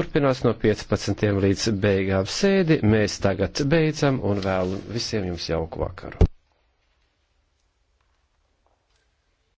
Turpinās no 15. līdz beigām sēdi. Mēs tagad beidzam un vēlu visiem jums jauku vakaru.